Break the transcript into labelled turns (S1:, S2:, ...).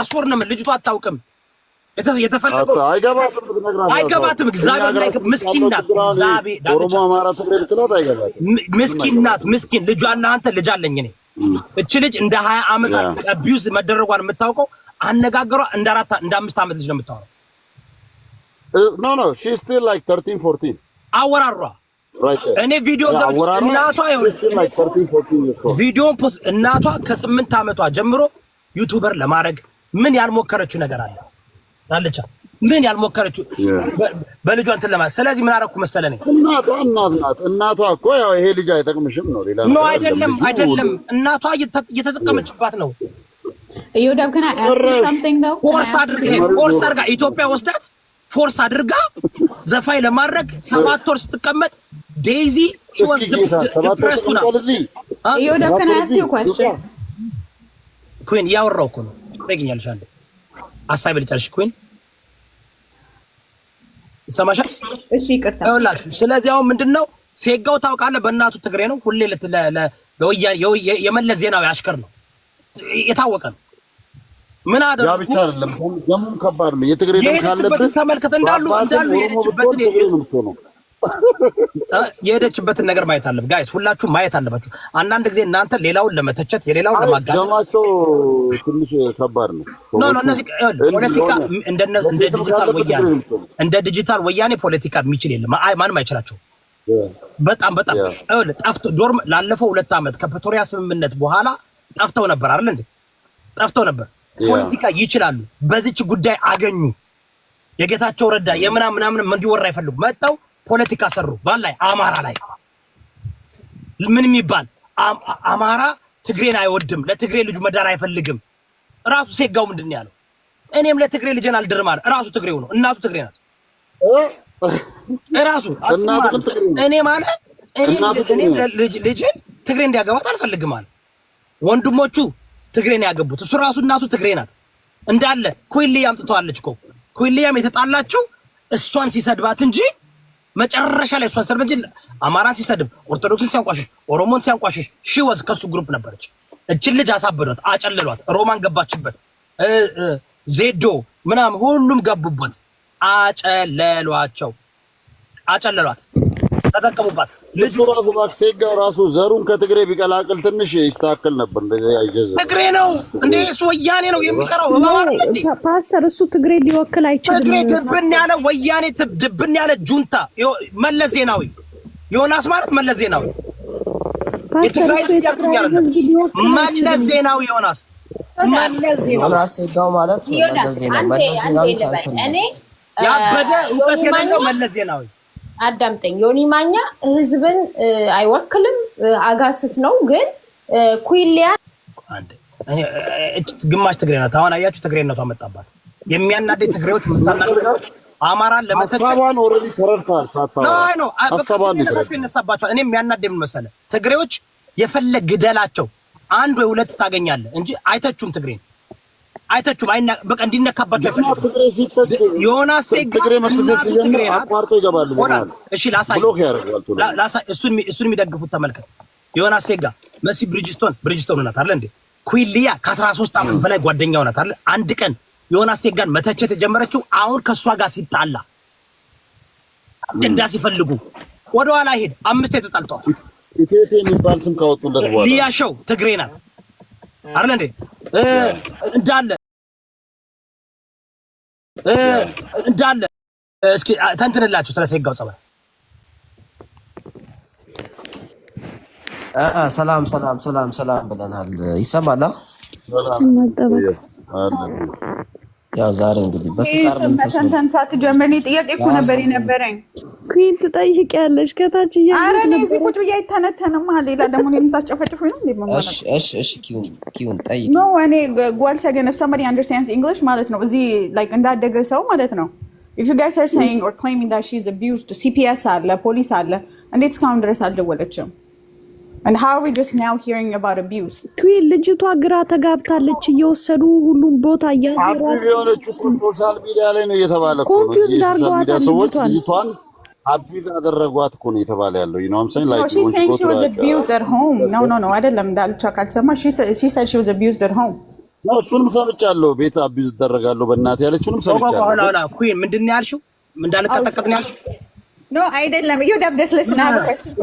S1: አስወር ነው። ልጅቷ አታውቅም። አይገባትም። እግዚአብሔር ምስኪን ናት። ኦሮሞ፣ አማራ፣ ምስኪን ናት። ምስኪን ልጇ አለ። አንተ ልጅ አለኝ እኔ። ልጅ እንደ ሀያ ዓመት አቢዩዝ መደረጓን የምታውቀው አነጋገሯ እንደ አራት እንደ አምስት ዓመት ልጅ ነው የምታወራው።
S2: ኖ ኖ ሺ ስቲል ላይክ ተርቲን ፎርቲን
S1: አወራሯ እኔ ቪዲዮ እናቷ እናቷ ከስምንት ዓመቷ ጀምሮ ዩቱበር ለማድረግ ምን ያልሞከረችው ነገር አለ ዳልቻ ምን ያልሞከረችው በልጇ እንትን ለማለት ስለዚህ ምን አደረኩ መሰለ ነኝ
S2: እናቷ እናት ናት እናቷ እኮ ያው ይሄ ልጅ አይጠቅምሽም ነው
S1: ሌላ ነው አይደለም አይደለም እናቷ እየተጠቀመችባት ነው
S3: ይሁዳም ከና something though
S1: ፎርስ አድርጋ ፎርስ አድርጋ ኢትዮጵያ ወስዳት ፎርስ አድርጋ ዘፋኝ ለማድረግ ሰባት ወር ስትቀመጥ ዴይዚ
S2: ዲፕረስቱ ናት
S3: ይሁዳም ከና ask you a
S1: ኩን እያወራሁ እኮ ነው። ታገኛለሽ አንዴ ሀሳብ ልጨርሽ ኩን ይሰማሻል? እሺ ይቅርታ። ስለዚህ አሁን ምንድን ነው ሴጋው ታውቃለህ፣ በእናቱ ትግሬ ነው። ሁሌ የመለስ ዜናዊ አሽከር ነው፣ የታወቀ ነው። ምን አደረኩ?
S2: ያ ብቻ አይደለም፣ ደሙም ከባድ ነው። የትግሬ
S1: ደም ካለበት ተመልከት፣ እንዳሉ እንዳሉ የሄደችበትን ነው የሄደችበትን ነገር ማየት አለብ ጋይስ፣ ሁላችሁ ማየት አለባችሁ። አንዳንድ ጊዜ እናንተ ሌላውን ለመተቸት የሌላውን
S2: ለማጋለጥ ትንሽ ከባድ ነው።
S1: እነዚህ ፖለቲካ እንደ ዲጂታል ወያኔ እንደ ዲጂታል ወያኔ ፖለቲካ የሚችል የለም። ማንም አይችላቸው። በጣም በጣም ጠፍቶ ዶርም ላለፈው ሁለት ዓመት ከፕሪቶሪያ ስምምነት በኋላ ጠፍተው ነበር አለ እንዴ? ጠፍተው ነበር። ፖለቲካ ይችላሉ። በዚች ጉዳይ አገኙ። የጌታቸው ረዳ የምናምን ምናምን እንዲወራ አይፈልጉ መጣው ፖለቲካ ሰሩ። ባል ላይ አማራ ላይ ምን የሚባል አማራ ትግሬን አይወድም፣ ለትግሬ ልጁ መዳር አይፈልግም። ራሱ ሴጋው ምንድን ነው ያለው? እኔም ለትግሬ ልጅን አልድርም አለ። ራሱ ትግሬው ነው፣ እናቱ ትግሬ ናት። እራሱ እኔ ማለ እኔም ልጅን ትግሬ እንዲያገባት አልፈልግም አለ። ወንድሞቹ ትግሬን ያገቡት እሱ ራሱ እናቱ ትግሬ ናት እንዳለ ኮይልያም ጥተዋለች እኮ ኮይልያም የተጣላችው እሷን ሲሰድባት እንጂ መጨረሻ ላይ እሷ ሰርበጅ አማራን ሲሰድብ ኦርቶዶክስን ሲያንቋሽሽ ኦሮሞን ሲያንቋሽሽ ሺወዝ ከሱ ግሩፕ ነበረች። እችን ልጅ አሳበዷት፣ አጨለሏት። ሮማን ገባችበት፣ ዜዶ ምናምን ሁሉም ገቡበት። አጨለሏቸው፣ አጨለሏት፣ ተጠቀሙባት።
S2: ልጁ ራሱ ማክሴጋ ራሱ ዘሩን ከትግሬ ቢቀላቅል ትንሽ ይስተካከል ነበር።
S1: ትግሬ ነው እንደ እሱ ወያኔ ነው የሚሰራው።
S3: ፓስተር እሱ ትግሬ ሊወክል
S1: አይችልም። ትግሬ ድብን ያለ ወያኔ፣ ድብን ያለ ጁንታ፣ መለስ ዜናዊ ዮናስ ማለት መለስ ዜናዊ መለስ ዜናዊ ዮናስ መለስ
S2: ዜናዊ ማለት
S3: መለስ ዜናዊ
S1: ያበደ እውቀት የሌለው መለስ ዜናዊ
S3: አዳምጠኝ። ዮኒ ማኛ ህዝብን አይወክልም፣ አጋስስ ነው። ግን ኩሊያ
S1: ግማሽ ትግሬ ናት። አሁን አያችሁ ትግሬነቷ መጣባት። የሚያናደድ ትግሬዎች ምታናደድ አማራን
S2: ለመተቸሳባን ኦልሬዲ ተረድተዋል።
S1: ሳታዋሳባቸው ይነሳባቸዋል። እኔ የሚያናደድ ምን መሰለህ ትግሬዎች የፈለግ ግደላቸው አንድ ወይ ሁለት ታገኛለህ እንጂ አይተቹም ትግሬን አይተቹም። አይና በቃ እንዲነካባቸው ዮናስ ትግሬ
S2: አቋርጦ ይገባሉ።
S1: እሺ ላሳይ፣ ብሎክ ያደርጋል። ላሳይ እሱን እሱን የሚደግፉት ተመልከት። ዮናስ ሴጋ መሲ ብሪጅስቶን ብሪጅስቶን ናት አይደል እንዴ? ኩዊን ከ13 ዓመት በላይ ጓደኛው ናት አይደል? አንድ ቀን ዮናስ ሴጋን መተቸት የጀመረችው አሁን ከእሷ ጋር ሲጣላ አጀንዳ ሲፈልጉ ወደኋላ ሄድ አምስት ተጣልተዋል።
S2: ኢቴቴ የሚባል ስም ካወጡለት
S1: በኋላ ሊያ ሸው ትግሬ ናት አይደል እንዴ? እንዳለ እንዳለ እስኪ ተንትንላችሁ ስለ ሴጋው ጸባይ።
S4: ሰላም ሰላም ሰላም ሰላም ብለናል። ይሰማላ ያው ዛሬ እንግዲህ በስካር
S3: መንፈስ ጥያቄ እኮ ነበር የነበረኝ። ኩን ያለሽ ከታች እያ አረ እዚህ ቁጭ ብዬ አይተነተንም። ሌላ ደግሞ የምታስጨፈጭፉ ነው ጠይቅ እኔ ጓል ሰገን ፍ ሰምባዲ እንግሊሽ ማለት ነው። እዚህ እንዳደገ ሰው ማለት ነው። ኢፍ ዩ ጋይስ አር ሴይንግ ኦር ክሌሚንግ ዳት ሺ ኢዝ አቢውዝድ ሲፒኤስ አለ ፖሊስ አለ። እንዴት እስካሁን ድረስ አልደወለችም? And how are we just now hearing about abuse?
S1: ልጅቷ ግራ ተጋብታለች። እየወሰዱ ሁሉም ቦታ
S2: እያዘሯት የሆነች ሶሻል ሚዲያ ላይ ነው እየተባለ
S3: ኮንፊውዝ ዳርጓታል።
S2: ልጅቷን አቢዝ አደረጓት እኮ ነው የተባለ ያለው። You know I'm saying?
S3: Like no, she's saying she was abused at home. No, no, no. አይደለም ዳልቻ ካልሰማ she said she said she was abused at home.
S2: እሱንም ሰምቻለሁ። ቤት አቢዝ እደረጋለሁ በእናት ያለችውንም
S1: ሰምቻለሁ። ምንድን ነው ያልሽው? እንዳልተጠቀጥን ያልሽው?
S3: አይደለም። You have this listen question.